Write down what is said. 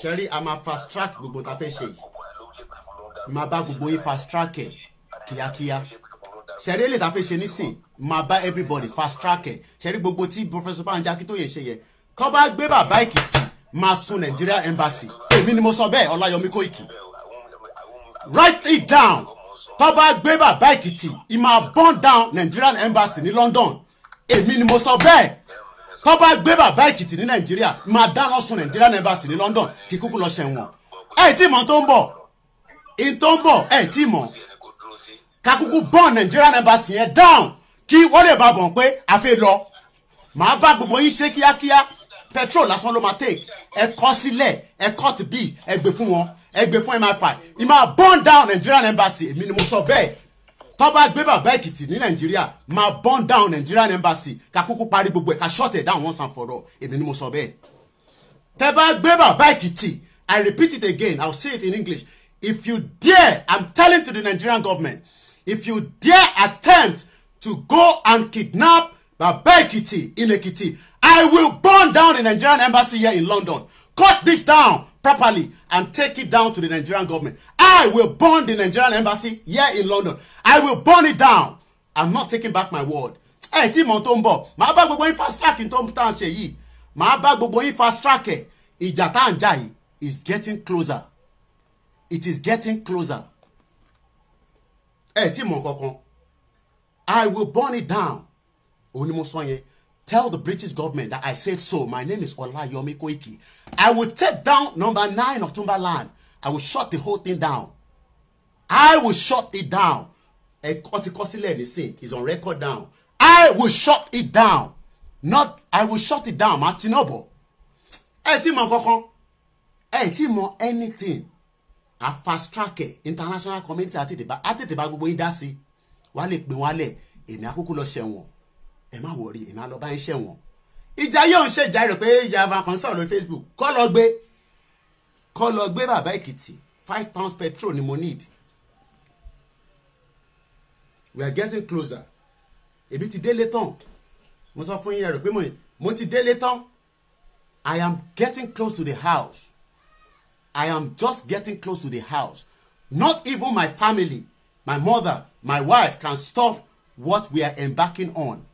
ṣẹ́rí a máa fast track gbogbo ta fẹ́ ṣe yìí máa bá gbogbo yín fast track ẹ̀ kíákíá ṣẹ̀rí èlé tá a fẹ́ ṣe nísìn máa bá everybody fast track ẹ̀ ṣẹ̀rí gbogbo tí professor Banji Akíntóyè ṣe yẹ tó bá gbé bàbá Èkìtì máa sun Nigeria embassy èmi ni mo sọ bẹ́ẹ̀ Ọláyọmí Kóìkì write it down tó bá gbé bàbá Èkìtì ì máa burn down Nigerian embassy ní London èmi ni mo sọ bẹ́ẹ̀ kọ́ bá gbé bàbá èkìtì ní nàìjíríà máa dáná sun nàìjíríà embassy ní london kí kúkú lọ ṣẹ̀wọ̀n ẹ̀ tí mọ̀ tó ń bọ̀ in tó ń bọ̀ ẹ̀ tí mọ̀ kakuku bọ́ọ̀ nàìjíríà embassy yẹn down kí wọ́n lè bá bọ̀ pé àfẹ́ lọ màá bá gbogbo yín ṣe kíákíá petrol lásán ló máa take ẹ kọ́ sílẹ̀ ẹ kọ́ ti bí ẹ gbé fún wọn ẹ gbé fún mi five ìmọ̀ bọ́ọ̀ down nàìjíríà embassy èmi ni mo sọ bẹ́ẹ̀ tó bá gbé bàbá èkìtì ní nàìjíríà máa burn down nigerian embassy ká kúkú parí gbogbo ẹ̀ ká shut ẹ̀ down once and for all èmi ni mo sọ bẹ́ẹ̀. tẹ́ bá gbé bàbá èkìtì i repeat it again i will say it in english if you dare i'm telling to the nigerian government if you dare attempt to go and kidnap bàbá èkìtì in èkìtì i will burn down the nigerian embassy here in london cut this down properly and take it down to the nigerian government i will burn the nigerian embassy here in london I will burn it down. I'm not taking back my word. Ẹ tí mò ń tó ń bọ̀, màá bá gbogbo yín fast track tó ń tàn ṣe yìí. Màá bá gbogbo yín fast track ẹ̀. Ìjà tá à ń jà yìí is getting closer. It is getting closer. Ẹ tí mò kankan. I will burn it down. Òun ni mo sọ yẹn. Tell the British government that I said so. My name is Olayomi Koiki. I will take down number nine of Timberland. I will shut the whole thing down. I will shut it down ẹ̀kọ́ ti kọ́ sílẹ̀ nísìn is on record down I will shut it down not I will shut it down máa tiná bọ̀ ẹ ti mọ kankan ẹ ti mọ anything a fast track international community àtètèbá àtètèbá gbogbo yín dá sí wà á lè pín wá lẹ̀ èmi àkókò lọ ṣẹ̀wọ̀n ẹ má wọrí èmi àlọ́ bá ń ṣẹ̀wọ̀n ìjà yóò ń ṣe ìjà rẹ̀ pé ìjà van kan sọ̀rọ̀ lórí Facebook kọ́ lọ gbé kọ́ lọ gbé bàbá Èkìtì five pounds petrol ni mo need we are getting closer èmi ti délé tán mo sọ fún yín ẹ̀rọ pé mo ti délé tán I am getting close to the house I am just getting close to the house not even my family my mother my wife can stop what we are embarking on